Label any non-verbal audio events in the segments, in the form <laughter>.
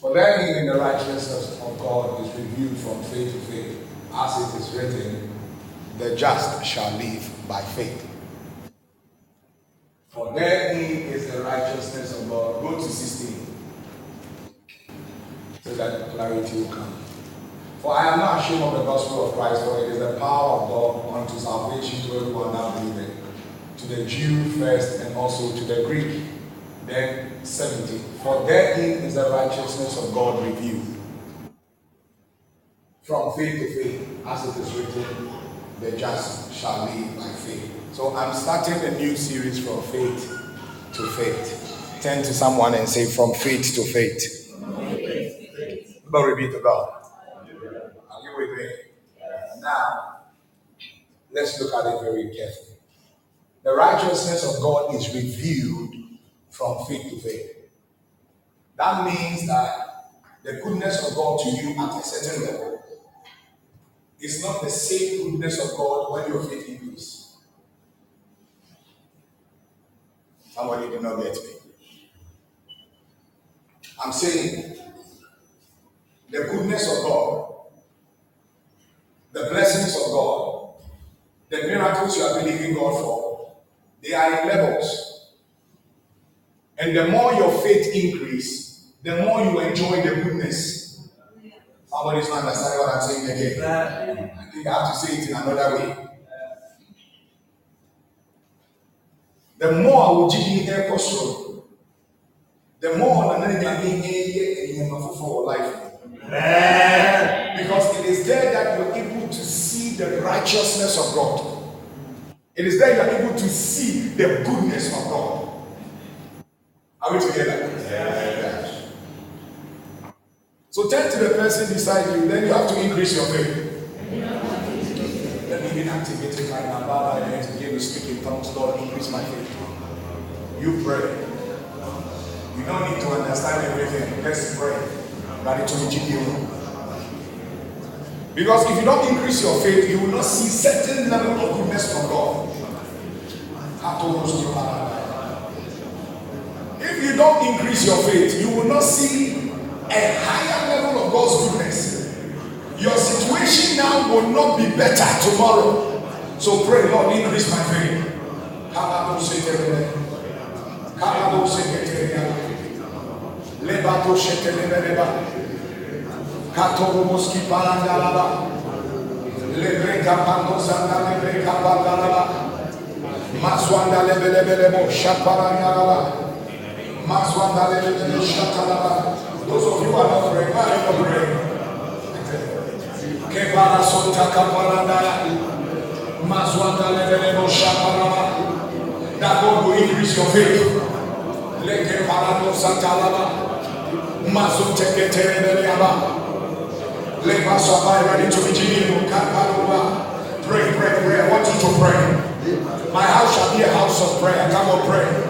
For even the righteousness of God is revealed from faith to faith, as it is written, the just shall live by faith. For therein is the righteousness of God. Go to 16. So that clarity will come. For I am not ashamed of the gospel of Christ, for it is the power of God unto salvation to everyone that believeth, to the Jew first and also to the Greek. Then 17. For therein is the righteousness of God revealed. From faith to faith, as it is written, the just shall live by faith. So I'm starting a new series from faith to faith. Turn to someone and say, From faith to faith. Glory be to God. Are you with me? Now, let's look at it very carefully. The righteousness of God is revealed from faith to faith. That means that the goodness of God to you at a certain level is not the same goodness of God when your faith increases. Somebody did not get me. I'm saying the goodness of God, the blessings of God, the miracles you are believing God for, they are in levels. And the more your faith increase, the more you enjoy the goodness. Somebody's not understanding what I'm saying again. I think I have to say it in another way. The more awogyi bi air soro, the more ɔnana nyame ɛyɛ ɛnyɛma foforɔ wɔ life. Because it is there that you are able to see the righteousness of God. It is there you are able to see the goodness of God. Are we together? So turn to the person beside you, then you have to increase your faith. Let me be activated right now. Bow my head, begin to speak in tongues. Lord, increase my faith. You pray. You don't need to understand everything. Just pray. But it will give you. Because if you don't increase your faith, you will not see certain level of goodness from God. If you don't increase your faith, you will not see a higher level of God's goodness. Your situation now will not be better tomorrow. So pray, Lord, increase my faith. Lebato shetelebeleba. Katoromoski parandalaba. Lebreka pandosanda lebreka pandalaba. Maswanda lebelebelebo shaparandalaba. Those of you are not praying, why are you not praying? Kebara sonta kaparanda, maswanda levelemo shaparama. That God will increase your faith. Leke parano santalaba, masunte ketere Let's sabai ready to be jinimu kaparuba. Pray, pray, pray. I want you to pray. My house shall be a house of prayer. Come on, pray.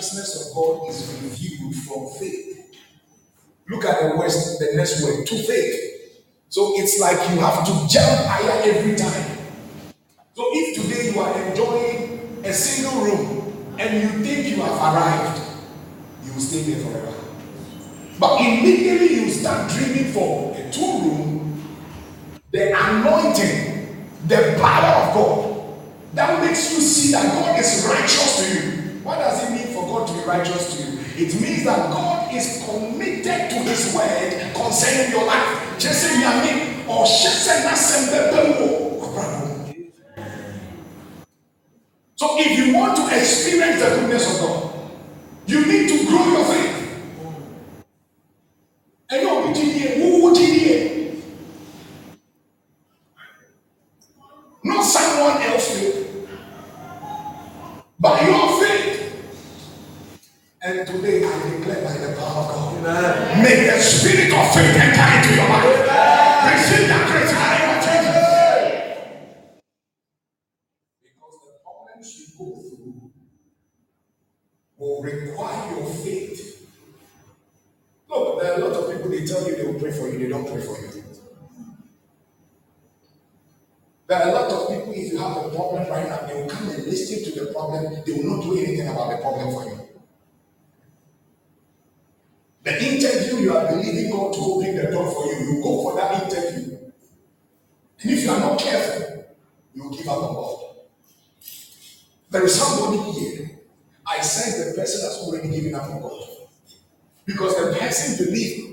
righteousness of God is revealed from faith. Look at the words, the next word, to faith. So it's like you have to jump higher every time. So if today you are enjoying a single room and you think you have arrived, you will stay there forever. But immediately you start dreaming for a two room, the anointing, the power of God that makes you see that God is righteous to you. What does it mean God to be righteous to you. It means that God is committed to His word concerning your life. Just say, Yami, or Shesena Sembebemo. So if you want to experience the goodness of God, you need to grow your faith. And you'll be here. Not someone else will. But you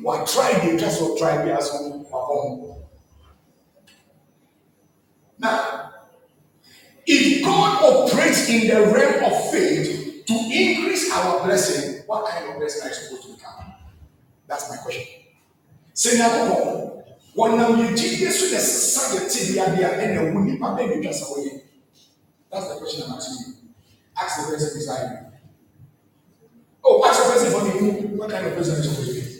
wɔatrae deɛ atwa sɛ ɔtrae bi aso wapɔn now if god operates in the realm of faith to increase our blessing what kind of blessing are you supposed to become that's my question sɛ nyankopɔn wɔnam yɛgyi bi so na sesa yɛte bea bi a ɛna wo nipa bɛɛ bi dwasa wɔyɛ that's the question i'm asking you ask the person beside you oh ask the person for me who what kind of person are you supposed to be.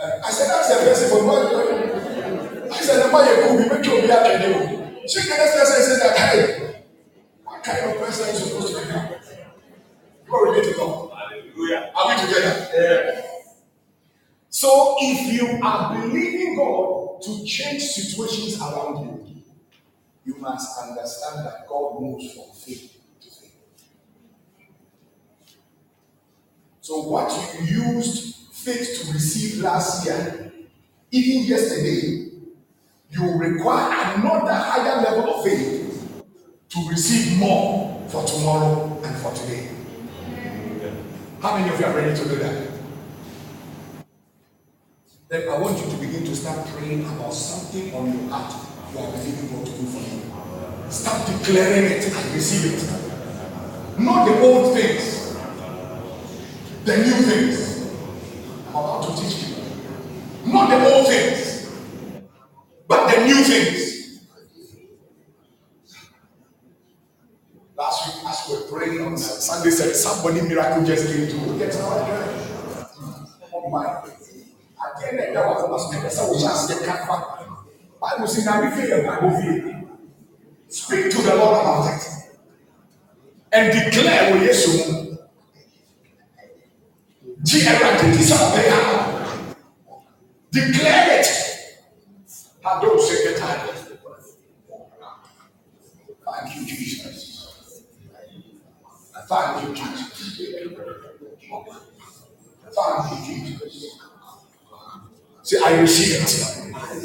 I said, that's the person for what you I said, the man you could be making me out of you. She can ask person and say that, hey, what kind of person is supposed to be now? Glory be to God. Hallelujah. Are we together? Yeah. So if you are believing God to change situations around you, you must understand that God moves from faith to faith. So what you used faith to receive last year, even yesterday, you require another higher level of faith to receive more for tomorrow and for today. How many of you are ready to do that? Then I want you to begin to start praying about something on your heart you are believing God to do for you. Start declaring it and receive it. Not the old things, the new things. How to teach people. Not the old things, but the new things. Last week, as we were praying on Sunday, said somebody miracle just came to get Oh my. Again, that was the person who just the camp. Bible says that we fear Bible fear. Speak to the Lord about it. And declare with Jesus. Gye Awurade ti sɛ ɔbɛyɛ ama wo. Declare it. Adom sɛ kɛtaade. Thank you, Jesus. Thank you, Jesus. Thank you, Jesus. See, I receive it.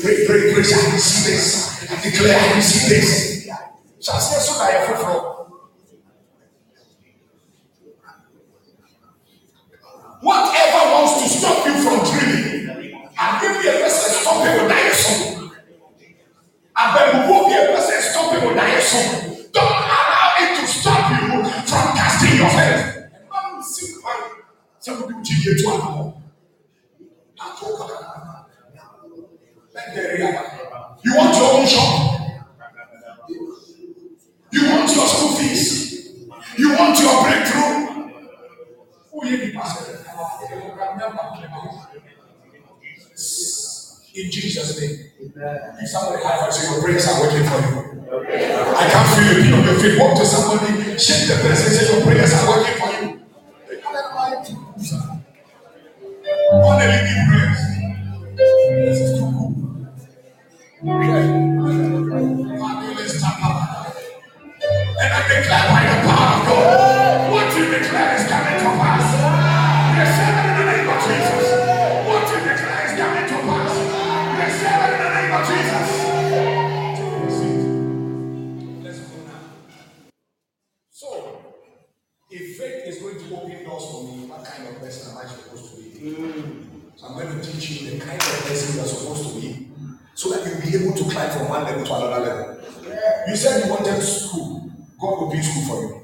Pray, pray, pray. I receive this. I declare I receive this. Shall I say so that you're full Whatever wants to stop you from dreaming, agbẹ́bí ẹ̀fẹ́ sẹ́ stop it with ayẹ̀sùn. Abẹ́bùbọ́ bí ẹ̀fẹ́ sẹ́ stop it with ayẹ̀sùn. Don't allow it to stop you from casting your head. You want your own shop? You want your school fees? You want your breakthrough? Who oh, hear pastor? In Jesus' name. somebody high five, your prayers are working for you. I can feel you. Feel your feet. Walk to somebody, shake the person, say your prayers are working for you. Only living prayers. This is too cool. Okay. And I declare, you to climb from one level to another level. You said you wanted school. God will build school for you.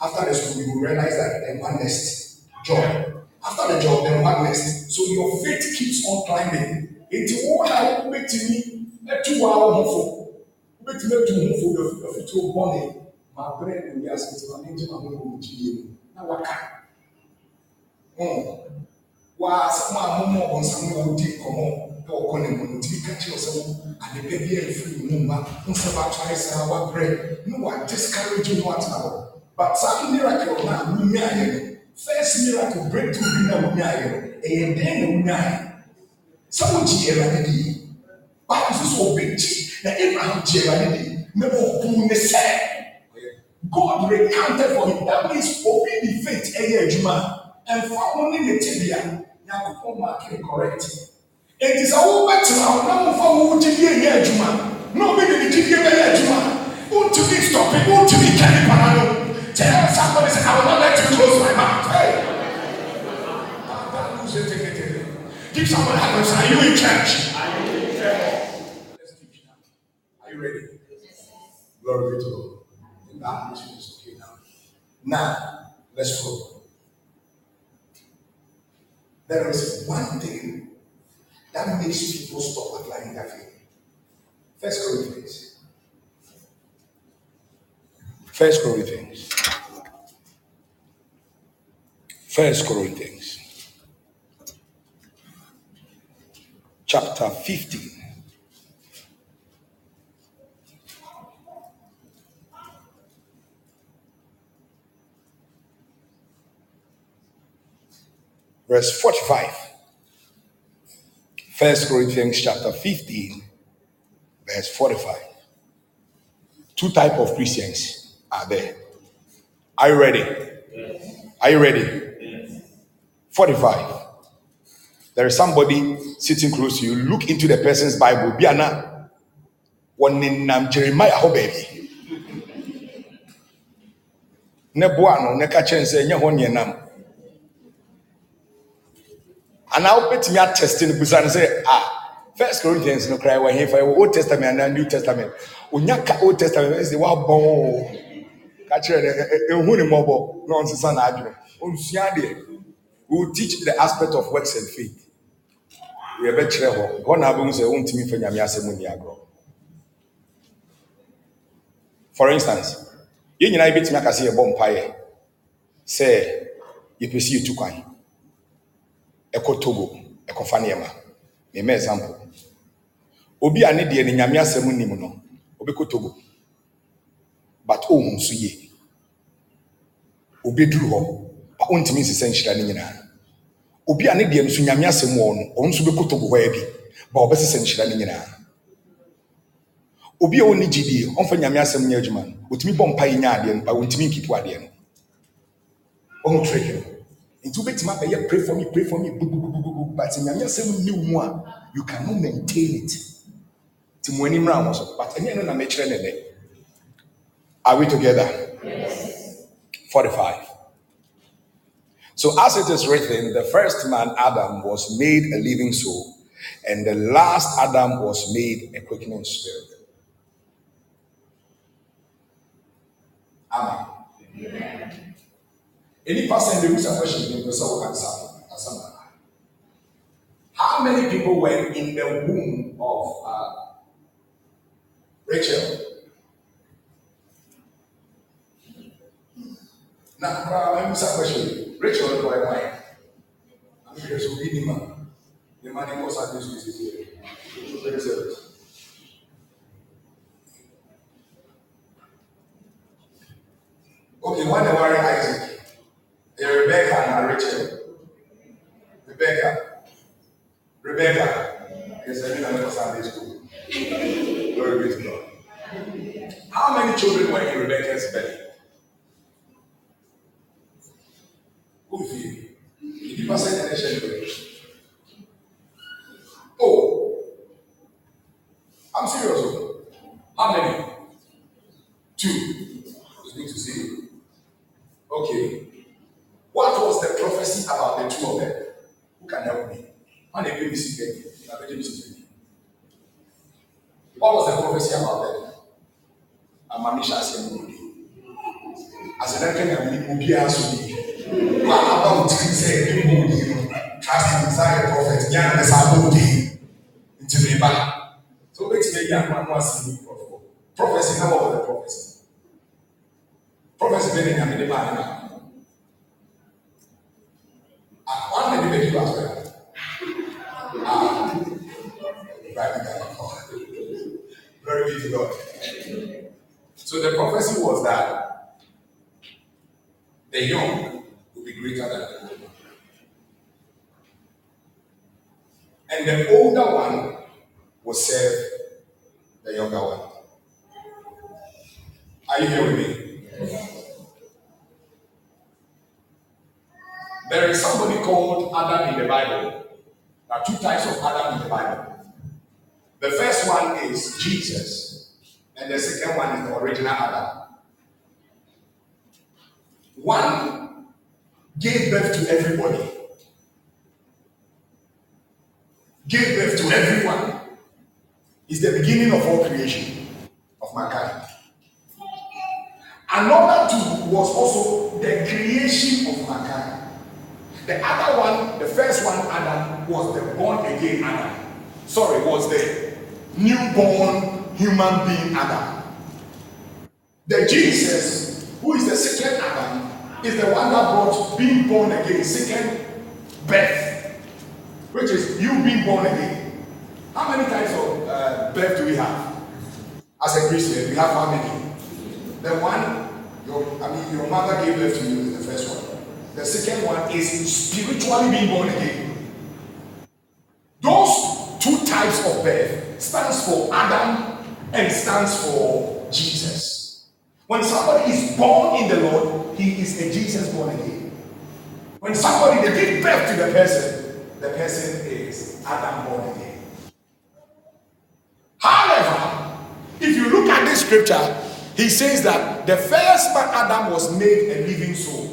After the school, you will realize that then one next job. After the job, then one next. So your faith keeps on climbing. Èti wọ́n náà wọ́n bẹ̀tìmí ẹtú wa ọ̀hún fún. Wọ́n bẹ̀tìmí ẹtú ọ̀hún fún ẹfi tó bọ́ ni. Màá bẹ̀rẹ̀ ní ìwé asèntì wa ní ẹjẹ́ màá Now what? jíye mu. Náà wá ká. Wà á sàmú àmúmọ̀ ọ̀sán ní ọ̀dí ìkọ̀mọ́ ɛwɔkɔ ne mu nti ka kyerɛ sɛ wo adepa bi a ɛfiri mu mma wo sɛ batoae saa wabrɛ ne wadiscourage no atena hɔ but saa miracle no a wonyaeɛ no first miracle breakthrough bi na wonyaeɛ no ɛyɛ dɛn na wonyaeɛ sɛ wogye awurade de yi bible so sɛ ɔbɛgye na abraham gye awurade de yi na ɔbu ne sɛ god recounted for him that means obi de faith ɛyɛ adwuma ɛmfa ho ne ne tebea nyankopɔn maake correct eti sɛ wobɛtena wo na mofa wo wo gyidie yɛ adwuma na wobɛde ne gyidie bɛyɛ adwuma wontumi stɔpe wontumi ka nipa na no tell somebody say i will not let you close my mouth hey that that lose it take it take it give someone hand and say are you in church are you in church let's teach now are you ready yes. glory be to God The that mission is okay now now let's go there is one thing that makes people stop applying their interview. First Corinthians. First Corinthians. First Corinthians. Chapter 15. Verse 45. First Corinthians chapter 15, verse 45. Two type of Christians are there. Are you ready? Yes. Are you ready? Yes. 45. There is somebody sitting close to you. Look into the person's Bible. Biana. One in Jeremiah ho oh, baby. Ne buano ne kachense, nye ho anaa wobɛtumi atɛste no busa no sɛ ah first corinthians no koraa wɔhe fa ɛwɔ old testament anaa new testament onya ka old testament ɛsɛ wabɔn o ka kyerɛ dɛ ehu ne mɔbɔ na ɔnsesa na adwene onsua deɛ we teach the aspect of works and faith yɛbɛkyerɛ hɔ hɔ na abɛhu sɛ wontumi fa nyame asɛm ni agorɔ for instance yɛn nyinaa yɛbɛtumi aka sɛ yɛbɔ mpaeɛ sɛ yɛpɛ sɛ yɛtu kwan ɛkɔ togo ɛkɔfa nneɛma mɛmɛ example obi a ne deɛ ne nyame asɛm nim no obɛkɔ togo but ohun so yie obɛduru hɔ a ontumi nsesa nhyira no nyinaa obi a ne deɛ nso nyame asɛm wɔ no ɔno nso bɛkɔ togo hɔ bi ba ɔbɛsesa nhyira no nyinaa obi a ɔnni gyidie ɔmfa nyame asɛm nyɛ adwuma no otumi bɔ mpa yi nya adeɛ no ba ontumi nkipu adeɛ no ɔho trɛk no nti wobɛtumi abɛyɛ pray for me pray for me but nyame asɛm ne wo mu you cannot maintain it nti mo ani but ɛnyɛ no na mekyerɛ are we together yes. 45 so as it is written the first man adam was made a living soul and the last adam was made a quickening spirit amen, amen. Any person who a question, they will solve answer. How many people were in the womb of uh, Rachel? Now, uh, let me ask a question. Rachel, do I mind? I'm here to be the man. The man who was at this is here. Okay, when the worry Isaac. Rachel, Rebecca, Rebecca, There is somebody called Adam in the Bible. There are two types of Adam in the Bible. The first one is Jesus, and the second one is the original Adam. One gave birth to everybody, gave birth to everyone. Is the beginning of all creation of mankind. Another two was also the creation of mankind. The other one, the first one, Adam, was the born again Adam. Sorry, was the newborn human being Adam. The Jesus, who is the second Adam, is the one that brought being born again, second birth, which is you being born again. How many types of uh, birth do we have? As a Christian, we have how many? The one, your, I mean, your mother gave birth to you is the first one. The second one is spiritually being born again. Those two types of birth stands for Adam and stands for Jesus. When somebody is born in the Lord, he is a Jesus born again. When somebody they give birth to the person, the person is Adam born again. However, if you look at this scripture, he says that the first man Adam was made a living soul.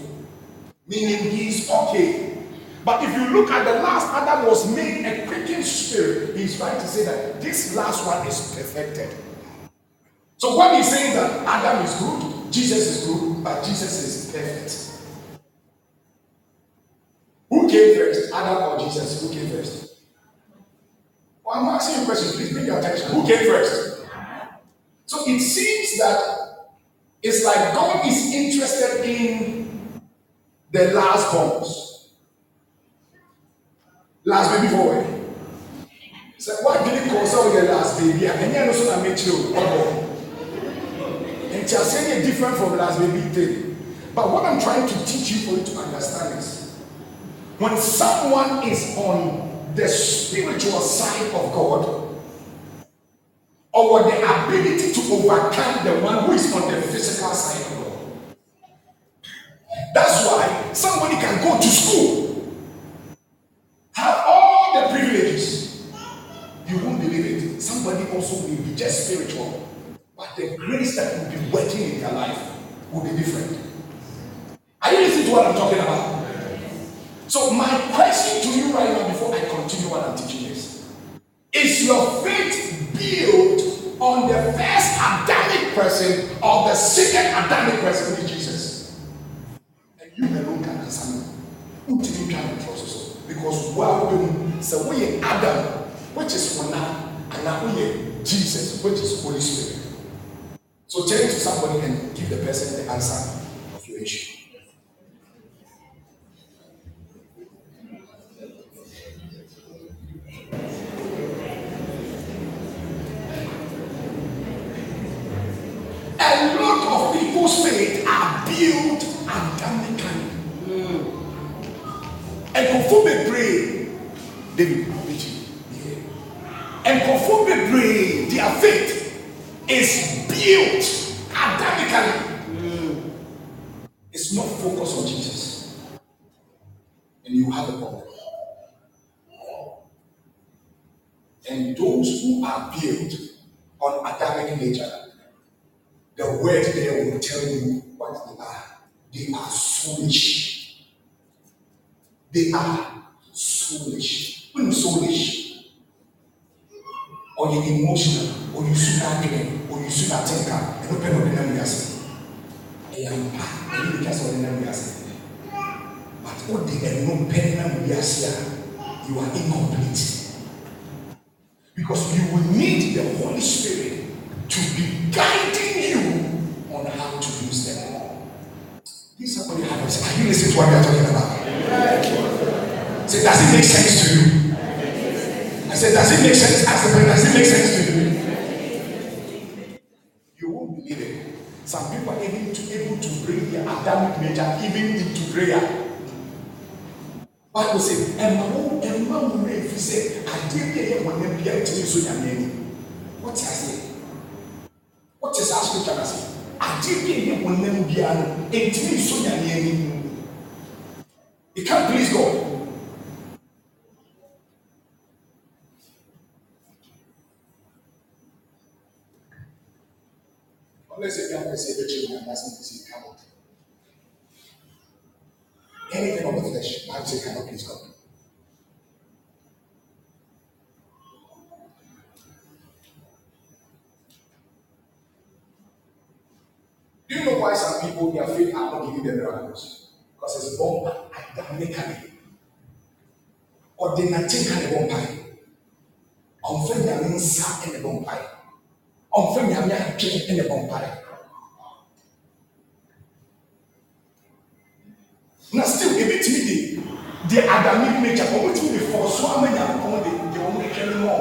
Meaning he's okay. But if you look at the last Adam was made a quickened spirit, he's trying to say that this last one is perfected. So when he's saying that Adam is good, Jesus is good, but Jesus is perfect. Who came first, Adam or Jesus? Who came first? Well, I'm asking you a question. Please bring your attention. Who came first? So it seems that it's like God is in the last comes. Last baby boy. So why did you consult with the last baby? Oh, and then also I make you And just saying it different from last baby thing. But what I'm trying to teach you for you to understand is when someone is on the spiritual side of God, or the ability to overcome the one who is on the physical side of God. That's why somebody can go to school, have all the privileges. You won't believe it. Somebody also will be just spiritual, but the grace that will be working in their life will be different. Are you listening to what I'm talking about? So, my question to you right now before I continue what I'm teaching is Is your faith built on the first Adamic person or the second Adamic person in Jesus? you alone can answer me you twa ne trɔ soso because wo a wobɛ mu we woyɛ adam which is wo na we woyɛ jesus which is holy spirit so turn to somebody and give the person the answer of your issue. A lot of people's faith are built and damaged nkurɔfoɔ bebree david abegye nkurɔfoɔ bebree their faith is built adamically. it's not focused on jesus and you have a problem and those who are built on adamic nature the word there will tell you what they are they are foolish. They are soulish. When you soulish, or you emotional, or you super clean, or you super thinker, and open up the name yourself. Ẹyà mpa, ẹyẹ bi kasa ọdún nàmú yasẹ. But ó di ẹnu pẹ́ẹ́n nàmú yasẹ a, you are incomplete. Because you will need the Holy Spirit to be guiding you on how to use them. This is what happens. Are you listening to what we are talking about? I said, does it make sense to you? I said, does it make sense? Ask the person, does it make sense to you? You won't believe it. Some people are able to, able to bring their Adamic nature even into prayer. Bible says, ɛma wo ɛma wo mmerɛ efi sɛ adeɛ bi a ɛyɛ wɔn nan biara ti so nyame ani wɔte aseɛ wɔte saa sotwa n'ase adeɛ bi a ɛyɛ wɔn nan biara no etimi so nyame ani. You can't please God. Unless a young person, the children, doesn't see cannot. Anything of the flesh, I would say, cannot please God. Do you know why some people, their faith are not giving them miracles? Because it's bomb dàmíkà ni ɔde n'akyi ka ne bɔ mpae ɔnfɛ nyame nsa ne bɔ mpae ɔnfɛ nyame atwe ne bɔ mpae na still ebi tumi de deɛ adami nature wɔn tumi de fɔ so ama nyame kɔn de deɛ wɔn rehwɛ no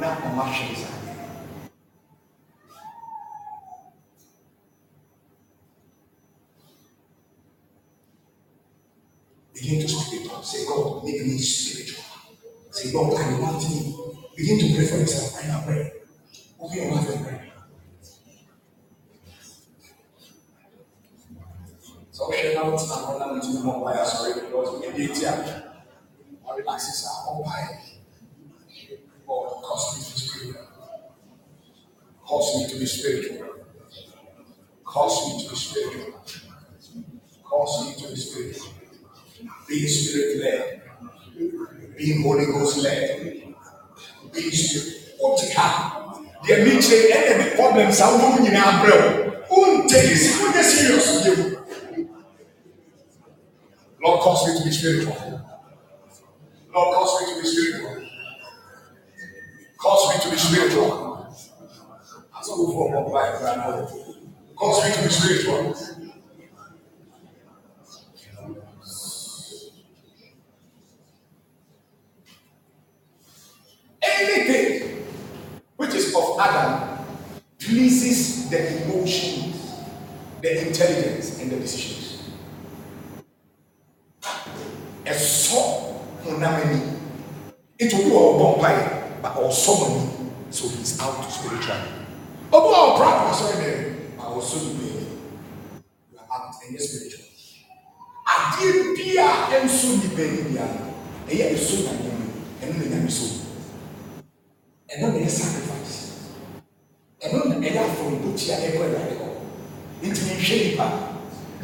na wɔn ahwɛ ne Begin to speak in tongues. Say, God, make me spiritual. Say, Lord, I want you. Begin to pray for yourself right now. Pray. Open your mouth and pray. So, share now with my brother and two more buyers. Sorry, because we need to our relaxes are all by God. Cause me to be spiritual. Cause me to be spiritual. Cause me to be spiritual. Cause me to be spiritual. Being spirit led. being Holy Ghost led. being spirit. What Deɛ mi kyerɛ ɛna de problems are wɔn nyinaa brɛ o. Won take it si won serious de o. Lord cause me to be spiritual. Lord cause me to be spiritual. Cause me to be spiritual. As I move forward, my God, cause me to be spiritual. anything which is of Adam pleases the emotions, the intelligence, and the decisions. A soul it will Nítorí ọ̀bọ̀n báyìí, but ọ̀sọ́ money, so he is out spiritually. Ọ̀bọ̀n ọ̀bọ̀n ọ̀sọ́ ẹ̀mẹ̀ but ọ̀sọ́ ìlú ẹ̀mẹ̀. You are out and you are spiritual. Adeɛ bia nso nipa yi bia, ɛyɛ nso na and ɛnu na nyame so ɛno na yɛ sacrifice ɛno na ɛyɛ afɔribokyia ɛkɔ ɛwurade hɔ nti mehwɛ nipa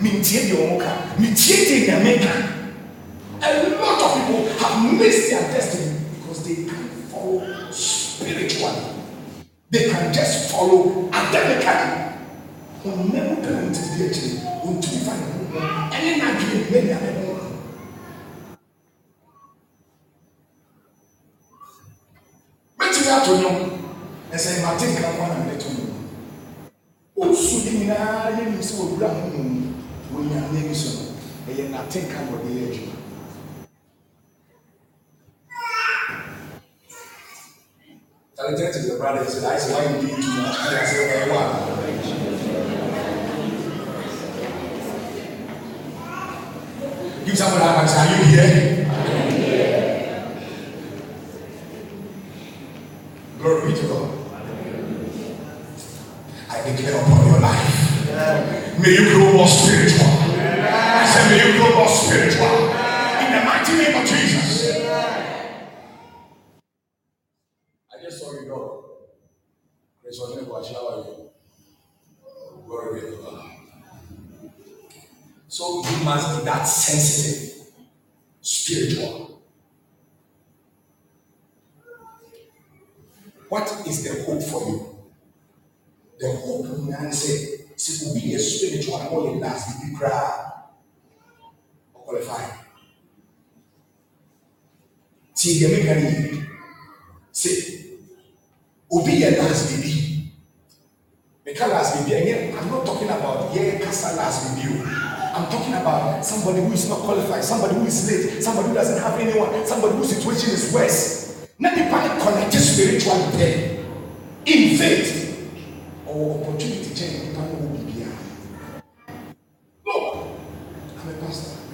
mentie deɛ wɔn ka mentie deɛ nyame ka a lot of people have missed their destiny because they can follow spiritually they can just follow academically wɔn mmarima pɛrɛnti di akyire wɔn tumi fa ne ho ɛne n'adwene ne nyame ho. ato no ɛsɛ mate nkramoa na mede to no ɔsu bi nyinaa yɛnim sɛ wɔwura ho mu wɔnyame bi so no ɛyɛ nate nka na ɔde yɛ adwuma I turned to the brother and said, I said, why are you doing too much? And I said, well, why? Give someone that answer, are you here? spirit.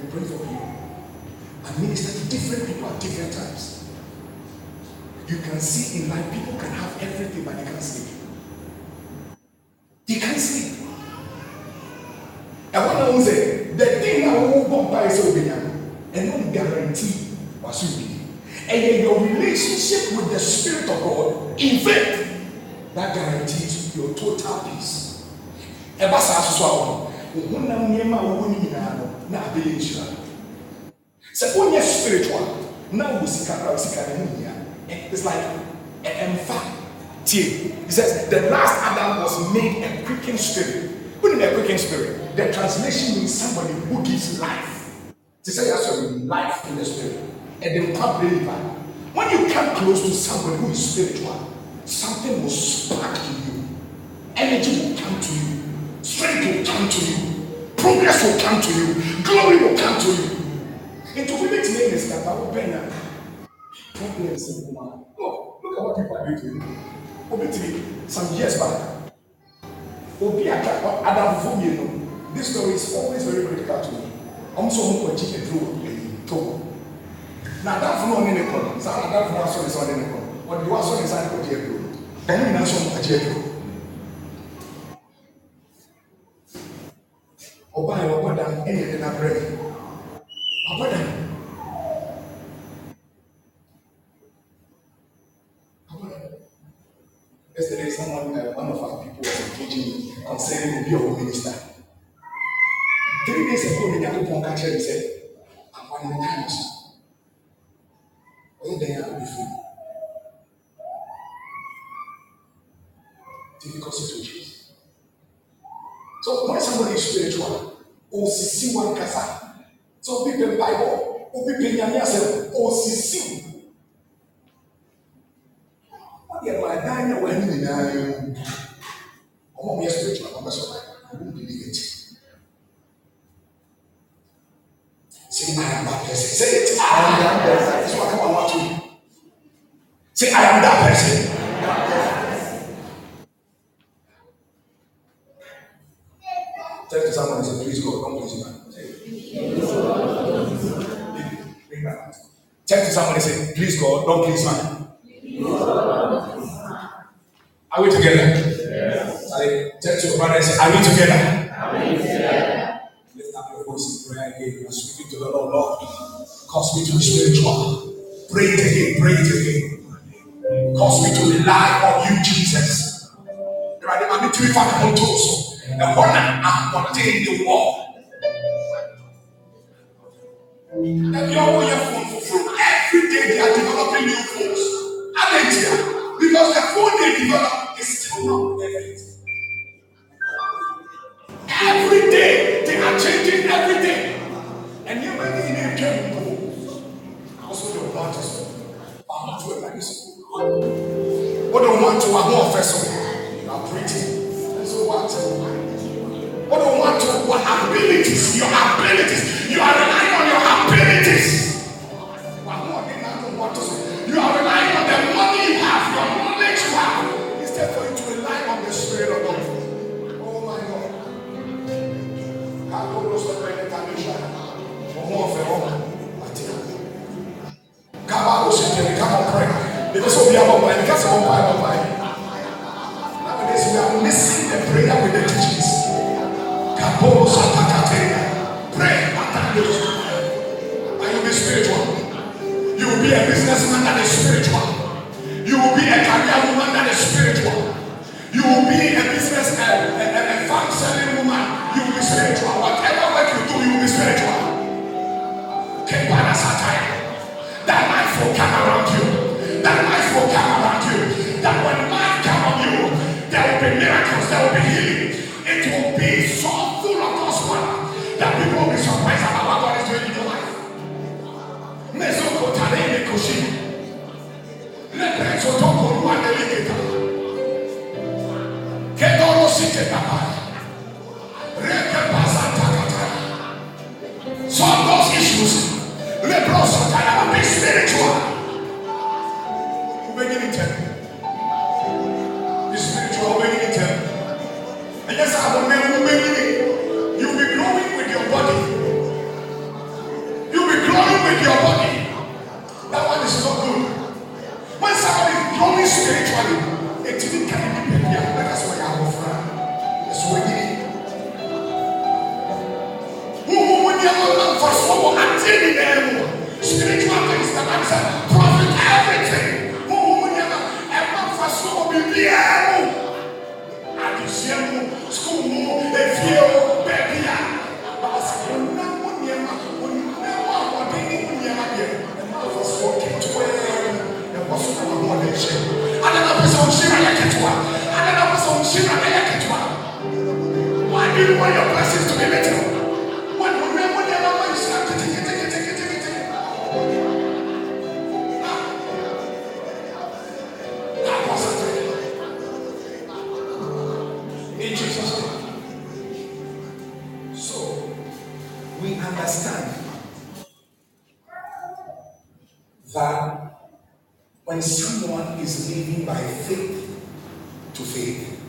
We pray for you. I minister to different people at different times. You can see in life, people can have everything, but they can't sleep. They can't sleep. And what I want to say, the thing that will won't by is over there, and no guarantee what you be. And then your relationship with the Spirit of God, in fact, that guarantees your total peace. And that's how honam nneɛma a wɔwɔ no nyinaa no na abɛyɛ nhyira no sɛ wonyɛ spiritual na wɔ sika na sika no ho hia it's like ɛmfa tie he says the last adam was made a quicking spirit who need a quicking spirit the translation means somebody who gives life te sɛ yɛasɔ life in the spirit ɛde nkwa believer when you come close to somebody who is spiritual something will spark to you energy will come to you strength will come to you, progress will come to you, glory will come to you. Into women to make this about Bena. Problems in woman. Oh, look at what people are doing to you. Obviously, some years back, Obiaka or Adam Fumino, this story is always very critical to me. I'm so home for Chicken Drew in Togo. Now, Adam Fumino in the corner, Sam Adam Fumino is on the corner. What do you want to say? I'm going to go to the corner. I'm going ɔbaa yɛ ɔbɔda ɛyɛ ne nabrɛ ɔbɔda ɔbɔda yesterday someone uh, one of our people was engaging concerning obi ɔwɔ minister three days ago ne nyako pɔn ka kyerɛ mi sɛ awọn ne kan so ɔyɛ dɛn a obi fi difficult situation. So when somebody is spiritual, osisi wankasa. So be the Bible, obi pe nyame asem, osisi in the prayer with the teachings. Pray after those. And you'll be spiritual. You will be a businessman that is spiritual. understand that when someone is living by faith to faith,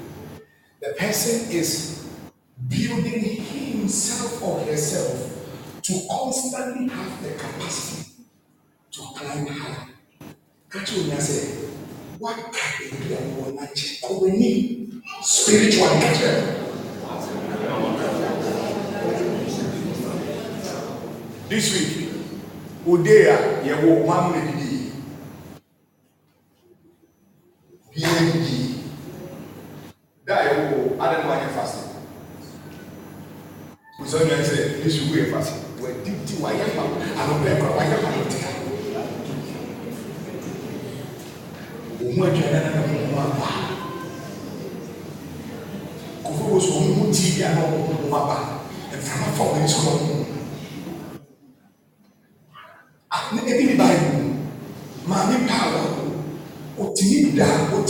the person is building himself or herself to constantly have the capacity to climb higher. Catching said, what can be a spiritual nature? this week ode a yɛwɔ hwan na didi bia didi da a yɛwɔ ada no wanyɛ fase kusɛn nua sɛ yesu wo yɛ fase wɔadidi wayɛ fa anɔpɛ kora wayɛ fa no teka ɔhu adwa na na ho aba kofo wo so ɔhu mu tii bia na ɔho aba mframa fa wɔn ani so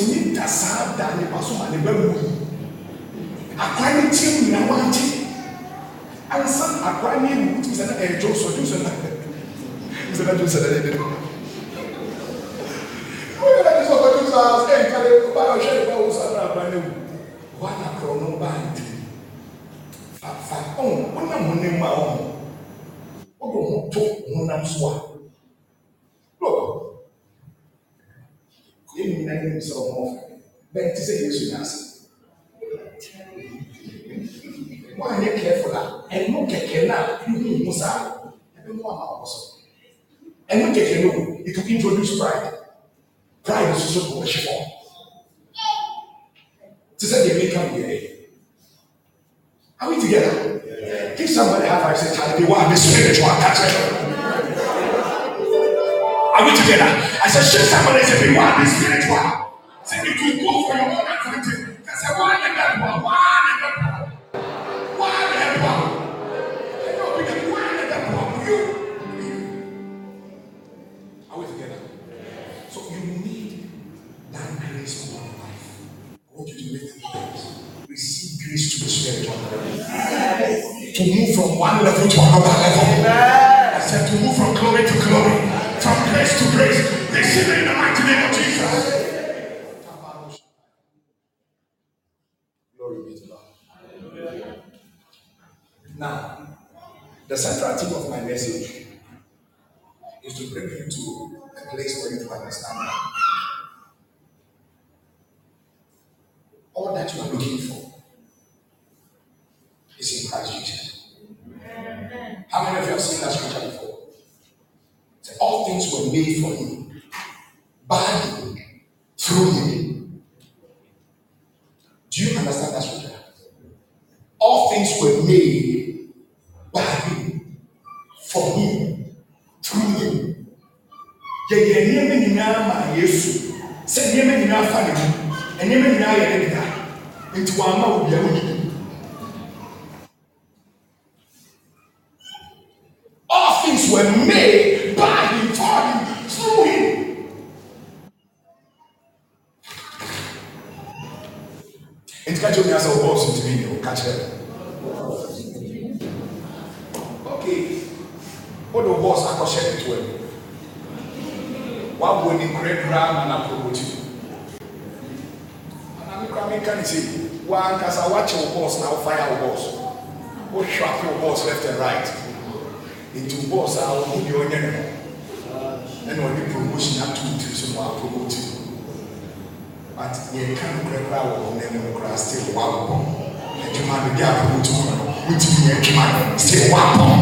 onyini da saa da nipa so ma ne ba wu akwan ne kyerɛ nyina wankye ansa akwan ne mu wotum sɛ na ɛyɛ dwoso dwoso na sɛ na dwoso na ne de woyɛ na dwoso ɔkɔdwo so a sɛ ɛnka de ba ɔhwɛ ne ba wo sa na akwan ne mu wana korɔ no ba nti fa fa ɔn wonam ho ne mu a ɔn wobɔ ho to honam so a ɛmu nyinaa yɛ bisa wɔn ɔfɛ bɛn ti sɛ yesu yɛ ase wɔn yɛ careful a ɛnu kɛkɛ na ihu mu saa ɛbɛ mu ama ɔkɔ so ɛnu kɛkɛ no it introduce pride pride soso kò wɔhyɛ fɔm ti sɛ deɛ meka mu yɛ are we together give somebody high five say tali bi wa mi spiritual catch it. together. I said, shake somebody and say, be one, be spiritual. See, if you go for your own advantage, that's a one and that one, one and that one. One You know, because one and you. Are we together? So you need that grace for your life. I want you to make the difference. Receive grace to be spiritual. To move from one level to another level. I said, to move from glory to glory receive it in the mighty name of Jesus. Glory be to God. Now, the central theme of my message is to bring you to a place where you to understand that all that you are looking for is in Christ Jesus. Amen. How many of you have seen that scripture before? All things were made for you by him, through him. Do you understand that scripture? All things were made by him, for him, through him. yɛyɛ nneɛma nyinaa ma yesu sɛ nneɛma nyinaa fa ne mu nneɛma nyinaa yɛ ne dea nti wɔn ama obiara wɔn ka kyerɛ okay wode bɔs akɔhyɛ ne toa mu wabɔ ni kurakura ma na promoti ana me kora menka ne sɛ wankasa wakye wo bɔs na wofaya wo bɔs wohwɛ afe wo bɔs left and right nti wo bɔs a wo deɛ ɔnyɛ ne ho ɛna ɔde promotion ato so ma apromoti but yɛka no kurakura wɔ hɔ na mu no kora still wabɔ adwuma no de abɔ wo tu no wotumi yɛ adwuma no sɛ woapɔn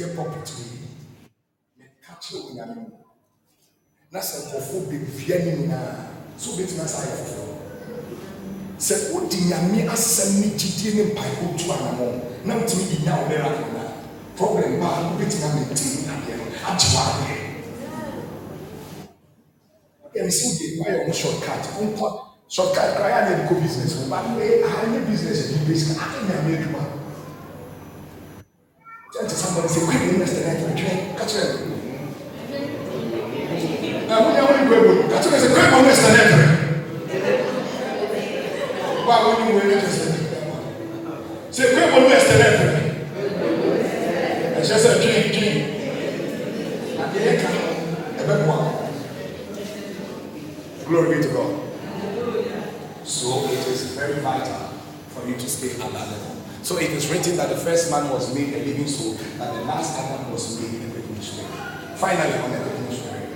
yɛ pɔpɛt wei mɛka kyerɛ onyame mu na sɛ nkɔfoɔ bɛdua ne nyinaa sɛ wobɛtumi asa ayɛ foforɔ sɛ wode nyame asɛm ne gyidie ne mpaebɔ tu anammɔ na wotumi de nya wobɛra kona problem baa no wobɛtumi amantim adeɛ no agye wɔ adeɛ yẹn si de ayọ ọmọ shortcut nkọ shortcut kura yà ni ẹbi kọ business wọn bá ní ahanyẹ business ẹbi bẹsi ká ayé ni àmì ẹdùnmá to somebody say, quick, minister, that the drink. Catch him. Now, when you're going to go, catch him and say, quick, minister, that drink. Why would you win it? Say, quick, minister, that drink. And she said, drink, drink. And the end come, a bit more. Glory be to God. So it is very vital for you to stay at that level. So it is written that the first man was made a living soul, that the last Adam was made a living spirit. Finally, on a living spirit.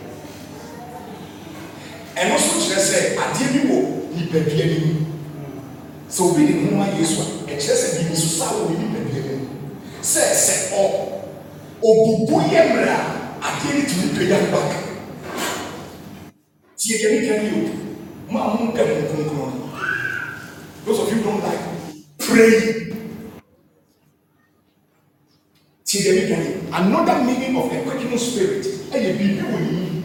And also, kyerɛ sɛ adeɛ bi wɔ nipa bi anim sɛ obi de nwoma yesu a ɛkyerɛ sɛ biribi be saa wɔ nipa bi oh, oh, sɛ ɔ obubu yɛ mmerɛ a adeɛ no tumi pagya no back tie deɛ meka ni o ma mo nka mu kronkron those of you don't like pray ti dɛm dwani another meaning of the quickening spirit ɛyɛ biribi wɔ ne mu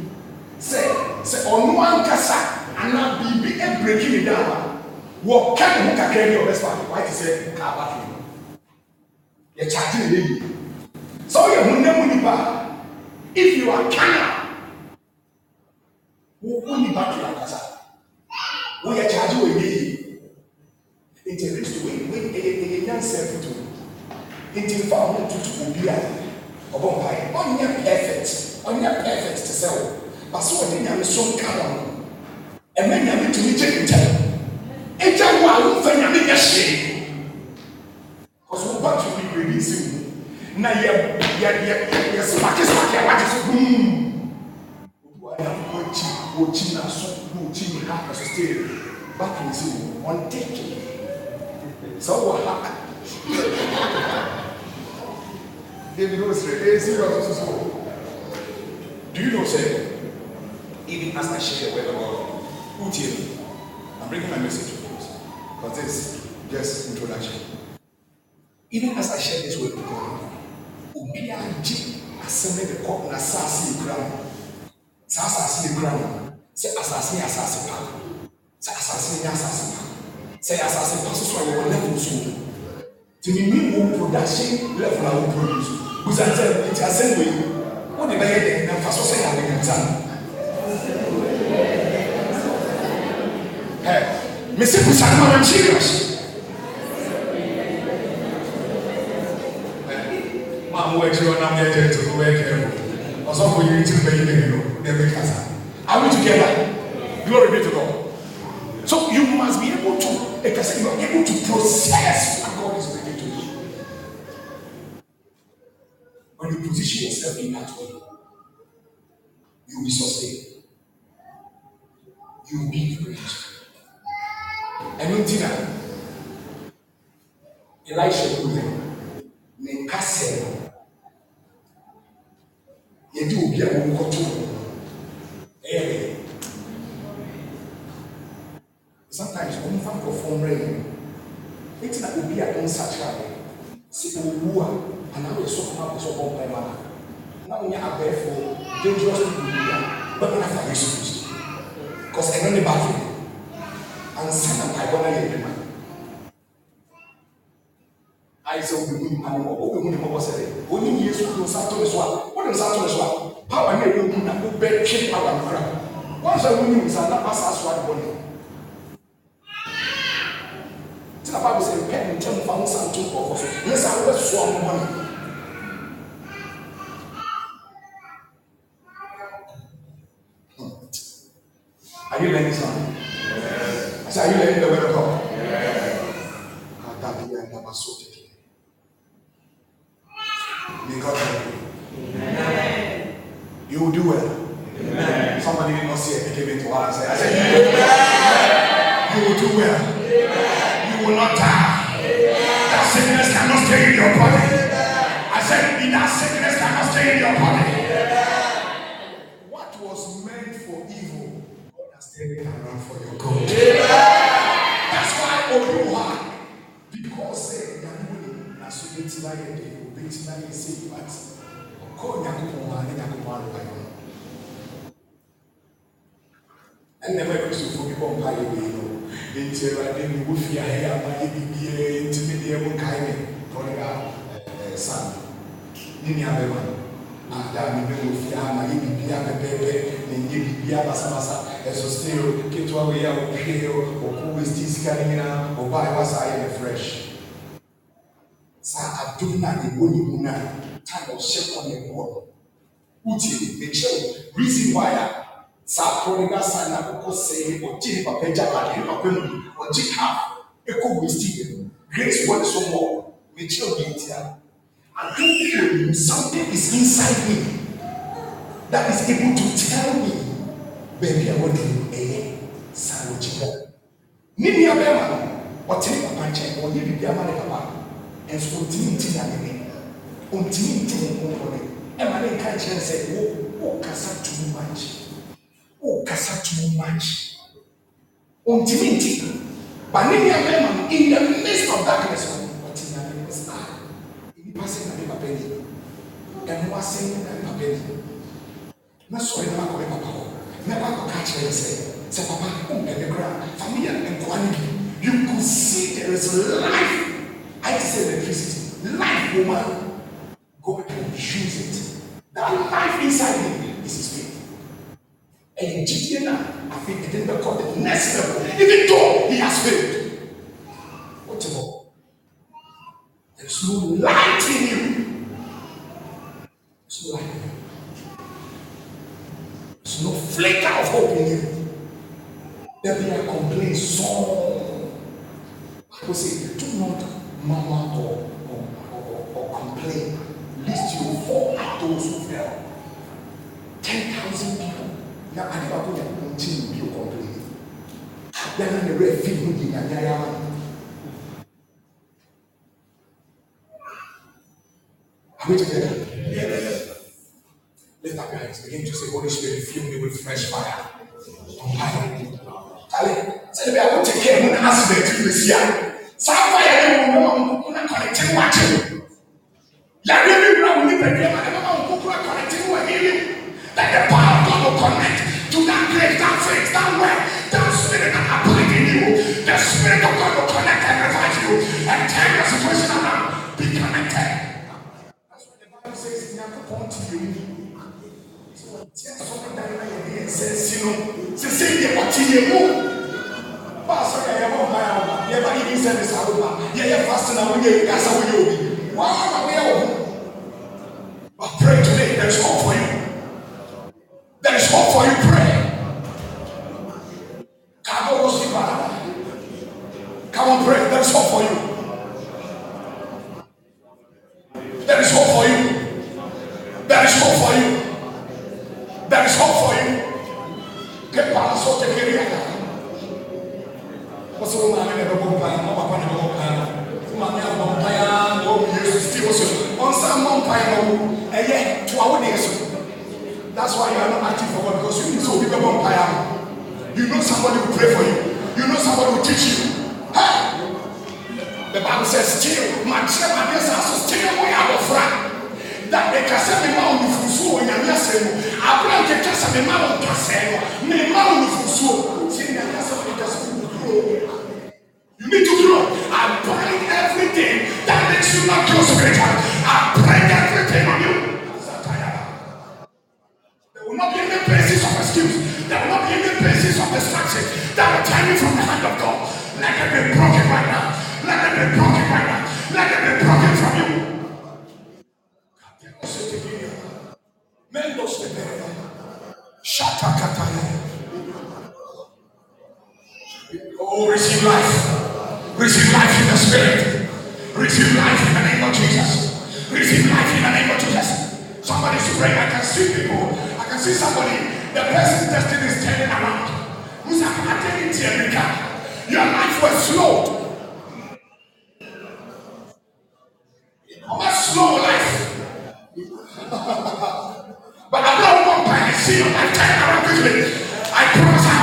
sɛ sɛ ɔno ankasa anaa biribi ɛbreki ne daa wɔka ne ho kakra bi a ɔbɛsɛ ade wae te sɛ kaa ba hwee yɛkyagye ne yɛyi sɛ woyɛ honam mu nipa if you are kana wo nipa to ankasa woyɛ kyagye wɔ yɛyi nti kristo wei wei ɛyɛ ɛyɛ nyansa fitoo nti fa ho tutu obi a ɔbɔ mpaeɛ ɔnyɛ perfect ɔnyɛ perfect te sɛ wo ba so wɔde nyame so nka wɔ no ɛmɛ nyame tumi gye ne nkyɛn ɛgya wo a womfa nyame nyɛ hyee kɔso woba to bi biribi si mu na yɛ yɛ yɛ yɛ smake smake a wagye so bum obi a yɛ mo akyi wɔkyi na so na wɔkyi ne ha ɛso stay back in si mu ɔntekye sɛ wowɔ ha David Osre, hey, serious, so, so. Do you know, sir? Even as I share the word of God, who tell I'm bringing my message to you. But this, just introduction. Even as I share this word of God, obiara gye asɛm de kɔ n'asase ekura no saa say ekura no sɛ asase yɛ asase pa sɛ asase yɛ asase pa sɛ asase pa soso a yɛwɔ level so tumi production level a wo produce busasɛ nti asɛn wɔ yi wɔn de bɛyɛ dɛn na nfa so sɛ yɛ abenyamsa ɛ mesi busa no ma serious maa mo wɔ akyire wɔn nam yɛ kyerɛ to wɔn yɛ kyerɛ mo ɔsɔfo yi ti bɛyi bɛyi no na ɛbɛ kasa are we together glory be to God so you must be able to ekasa you are able to process. position yourself in that way, you will be sustained. You will be great. I mean, na Elisha kúrò. biribi abasabasa ɛso still ketewa wei a wohwee ɔkɔ westi sika no nyinaa ɔba a ɛwɔ saa yɛ no fresh saa adom no a ɛwɔ ne mu no a time ɔhyɛ kɔ ne ɛwɔ no wotie mekyerɛ wo reason why a ah, saa prodigal son no akokɔ sɛe ɔgye ne papa gya ade ne papa mu ɔgye half ɛkɔ westi yɛ no e grace wɔ ne so mmɔ mekyerɛ wo deɛntia adom no something is inside me that is able to tell me baabi a wɔde ɛyɛ saa wɔkyi hɔ ne nua bɛrima no ɔte ne papa nkyɛn ɔnyɛ biribi ama ne papa nso ɔntumi nti na ne ne ɔntumi nti ne ho nkɔ ne ɛma ne nka kyerɛ sɛ wo wokasa too much wokasa too much ɔntumi nti ba ne nua bɛrima no in the midst of darkness ɔte na ne ne sɛ ah nnipa sɛ na ne papa ni ɛno ase na ne papa ni na sɔre na akɔ ne papa hɔ mɛba kɔka kyerɛ sɛ sɛ papa wompɛne kora fa woyɛ nkoa no bi you could see there is life i te sɛ electricity life woma god will use it that life inside me is his faith ɛyɛ gyidie no a afei ɛde no bɛkɔ the next level even though he has failed wote hɔ there is no light in you there is no light in you flicker of hope in you. There be a complaint, song. Bible say, do not murmur or, or, or, or complain, lest you fall at those who fell. Ten thousand people. Now, I never put a continue to complain. Then I'm the red film in Yanyayama. Are we together? Yes. Begin to say, Holy Spirit, fill me with fresh fire. Compile. Charlie, say, I want to care when accident you this year. Some fire, you know, I'm not connecting, watching. Let me be around, you mu baa sọ yẹ yẹ bọ mpa yà ọba yẹ ba yìí sẹ ẹsẹ ọba yẹ yẹ fasting na wọnyẹ yẹ kasa wọnyẹ obi wàá na wọnyẹ wọ but pray today there is hope for you. receive life. Receive life in the spirit. Receive life in the name of Jesus. Receive life in the name of Jesus. Somebody's praying. I can see people. I can see somebody. The person's destiny is turning around. Who's a America? Your life was slow. A slow life. <laughs> But I don't want to see your life turn around quickly. I promise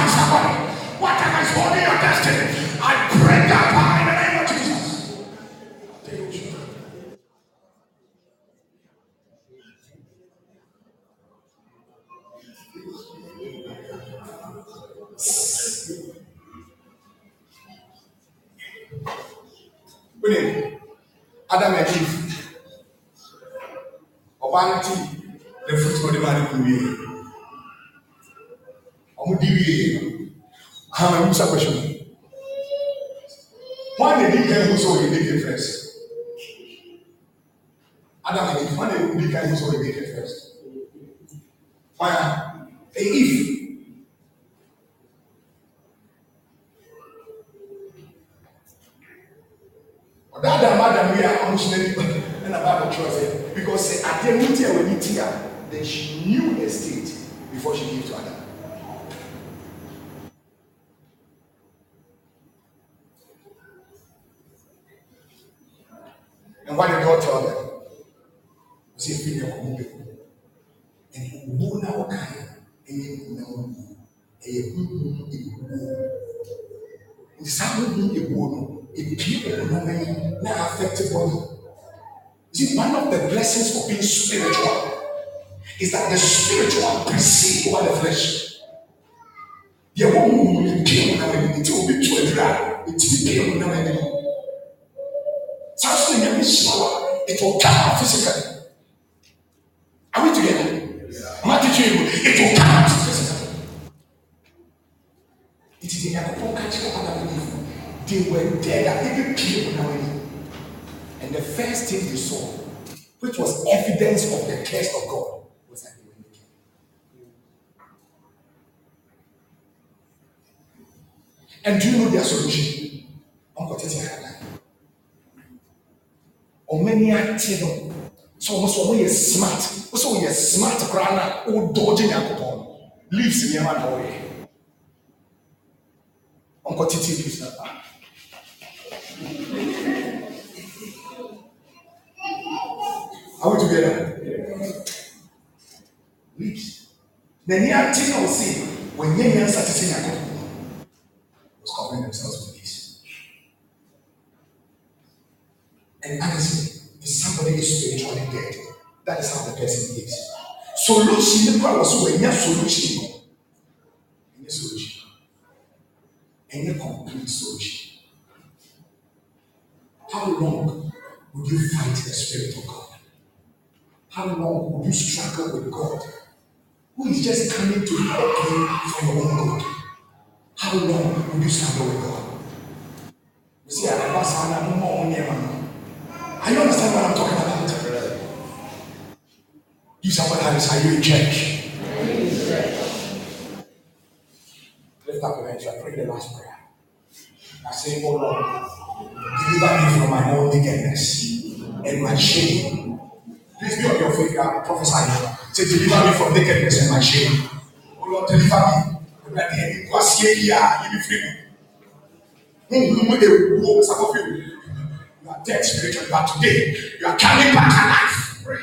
adam achieve ɔbaa no ti ne foto ne ba ne ko wie wɔn di wie ahama yi musa question wɔn na di kan ho so wɔn yɛ difference adam achieve wɔn na di kan ho so wɔn yɛ difference wɔn a if. dada madam yi a ɔmo hyɛ n'anim ɛna baabu kyerɛ sɛ because sɛ adeɛ mu ti a wɔn ti a then she knew her state before she give to adam. And what did God tell them? He said, Feed your community. And he will now kind and he will now be. And he will be a woman. And he will be a ebipie ekonomi na affected body see one of the blessings of being spiritual is that the spiritual precede over the flesh The deɛ wɔn mu mu ebipie ekonomi anim nti obi tu adura eti ebipie ekonomi anim saa so na nyame hyia wa etu ɔka physically are we together ɔmo ati tu ewu etu ɔka physically It is a ka kyerɛ ɔda bi nifu they were dead and even people now And the first thing they saw, which was evidence of the curse of God, was that they were naked. And do you know their solution? Uncle Tete Hana. Omeni Atino. So almost when you're smart, also when you're smart, grana, or dodging alcohol, lives in your man away. Uncle Tete lives in Are we together? Rich. Then ní àti náà I wọ́n yẹ ní ansa ti sí ní akọ́kọ́. Was covering themselves with this. And honestly, if somebody is spiritually dead, that is how the person is. Solution nípa wọ́n so wọ́n yẹ solution Any solution. Any complete solution. How long would you fight the spirit of God? how long will you struggle with God? Who is just coming to help you for your own good? How long will you struggle with God? You see, I pass on no more on Are you understand what I'm talking about? You someone else, are you in church? Lift up your hands, I pray the last prayer. I say, Oh Lord, deliver me from my own wickedness and my shame Lift on your finger and prophesy. Say, deliver me from nakedness and my shame. Oh Lord, deliver me. Ẹgbẹ́ ni ẹni kó aṣẹ́ yìí à yìí fi some of you. You are dead spiritually, but today you are coming back alive. Pray.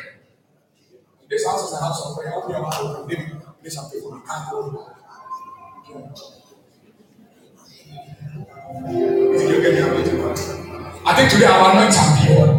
This house is a house of prayer. Open your mouth and maybe make some people you can't go. If you get me, I'm going to I think today our anointing will be on.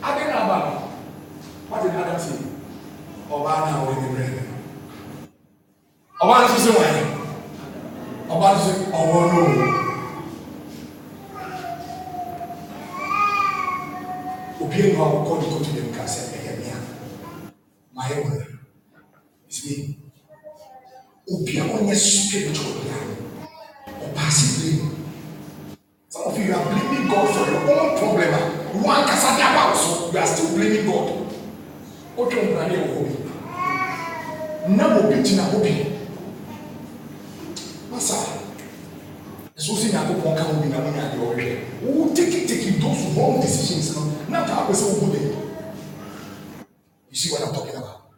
Adam Abba, what did Adam say? Ọba náà wọ ẹni rẹ̀. Ọba náà sísè wọ̀ ẹni. Ọba náà sísè ọwọ́ náà. Obi ẹni wa kọ́ ní kótó ní nǹkan sẹ́ ẹ̀yẹ mìíà. Màá yẹ wọ̀ ẹ̀. Ṣé obi a wọ́n yẹ sókè ní tó ní àná? Ọba sì Some of you are blaming God for your own problem wọn ankasa de aba so you are still blaming God o tún nkura ne ɛwɔ mi na mo bi gyina hɔ bi masa nso si nyako pɔn ka omi na mo nya deɛ ɔrehwɛ o teki teki those wrong decisions no na taa pɛ sɛ o bu de you see what I'm talking about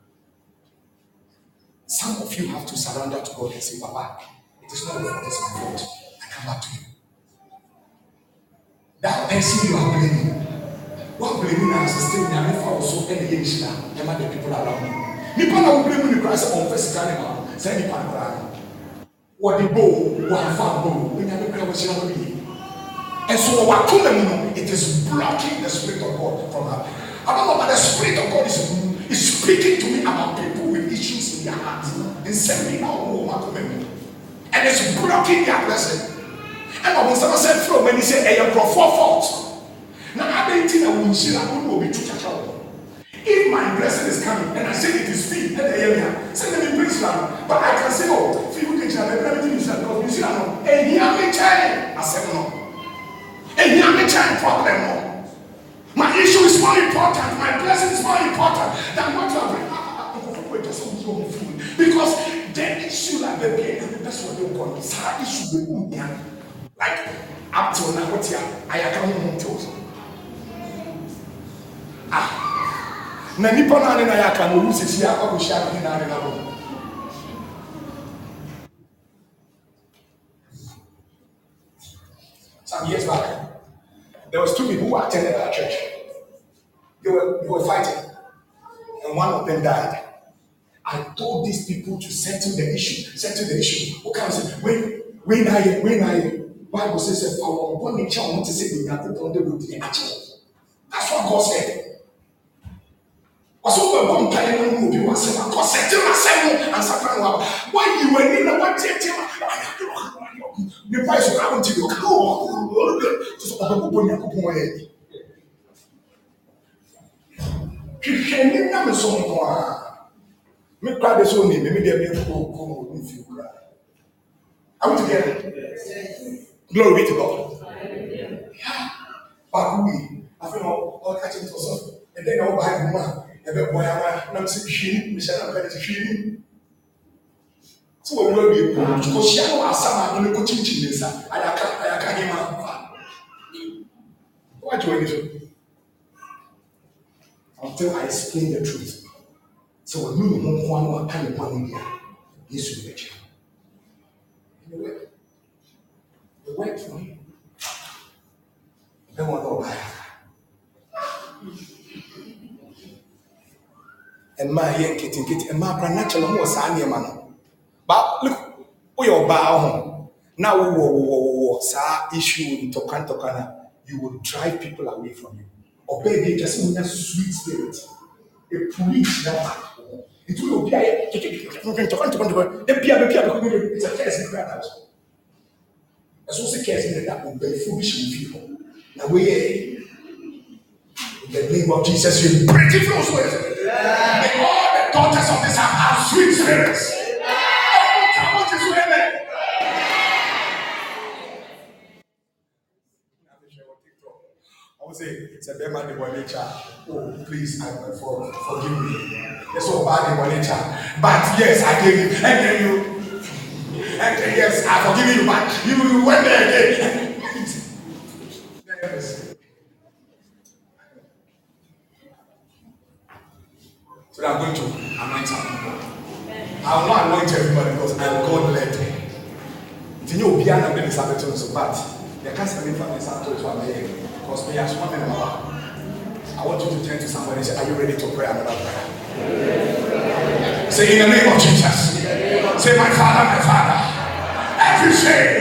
some of you have to surrender to God and say papa it is not worth this is I come back to you that person you are blaming m'ani na asese nyame fa wo so ɛna yɛ nhyira ɛma the people around you nipa na wobere mu ne kora sɛ ɔmfɛ sika ne ma saa nipa no koraa no wɔde bo wɔamfa bo onyame kora wɔhyira hɔ yie ɛso wɔ wakoma mu no it is blocking the spirit of god from her i don't know but the spirit of god is is speaking to me about people with issues in their heart nsɛm bi na ɔmo wɔ wakoma mu and it's blocking their blessing And ɛna ɔmo nsɛm sɛ firi he ani sɛ ɛyɛ nkurɔfoɔ fault na adịghị nti na wo nhyira wo na obi tu kyakya wo if my blessing is coming and i say it is free ẹ na ẹyẹ mi a sẹ ẹ na mi but i can say oh fi wo kejì abẹ bẹrẹ mi ti nhyira because nhyira no ehia mi kyẹn asẹm no ehia mi kyẹn problem no my issue is more important my blessing is more important than what you are bringing akọkọ ẹja sọ wọn wọn fún mi because the issue la bẹ bẹ ẹ na mi bẹ sọ ọdẹ nkọ no saa issue bẹ wù mí a like up till now wọ́n ti a ayaka wọn mú ti o sọ na nipa naane na yɛ na owu sisi akɔkɔhyia ne naane na bɔ some years back there was two people who attended our church they were they were fighting and one of them died i told these people to settle the issue settle the issue o kan say wey wey na ye wey na ye bible say say for our nature chair wọn ti say the yàtọ̀ don dey with the action that's what god said wɔsɛ wobɛbɔ mpaeɛ no mu obi wasɛm akɔsɛgye masɛm no ansakra no aba woayi w'ani na woatiatia nipa yi so ka wɔnti de ɔka wɔ so ɔbɛbobɔ nyankopɔn ayɛ ni hwehwɛ ni nyame so nko a me kora de sɛ ɔni me me deɛ meɛkɔkɔ ma ɔne mfie kora Are we together? Glory be to God. Yeah. But we, I feel all catching to us. And then all behind the man ɛbɛ bɔ yaba nam sɛ hwini mesɛ nam pɛne sɛ hwini sɛ wɔwura wie po kɔhyia no wɔasam ano no kɔkyimkyim ne nsa ayaka ayaka hema fa wagye w'ani so until I explain the truth so wɔnu ne ho nko ano aka ne bɔne bia yesu ne bɛkyɛ the word for him ɛbɛwɔ ne ɔbaa mmaa yɛ nketenkete mmaa kora n'akyɛ wɔn wɔ saa nneɛma no ba look woyɛ ɔbaa ho na wowɔ wowɔ wowɔ saa issue wɔ ntɔkwa ntɔkwa na you will drive people away from you ɔbaa bi atwa sɛ wonya sweet spirit epuli gyina baako ho etu yɛ obi a yɛ ntɔkwa ntɔkwa ntɔkwa de bia bɛ bia bɛ kɔ bɛ bɛ kɛse kura na so ɛso si kɛse ne da ɔbɛnfo bi hyɛ ofi hɔ na woyɛ in the name of jesus you break it from somewhere. May all the daughters of this house have sweet spirits. sɛ bɛrima de bɔne kya oh please for forgive me It's sɛ oh, bad in bɔne kya but yes I gave you and then you and then yes I forgive you but you went there again. <laughs> We are going to anoint our people. I will not anoint everybody because I'm God led. The new obi anam de ne nsa bɛtɔ but the ka sɛ nifa ne to ama yɛ because we yasoma me na wa. I want you to turn to somebody and say are you ready to pray another prayer? Say in the name of Jesus. Say my father my father every shame.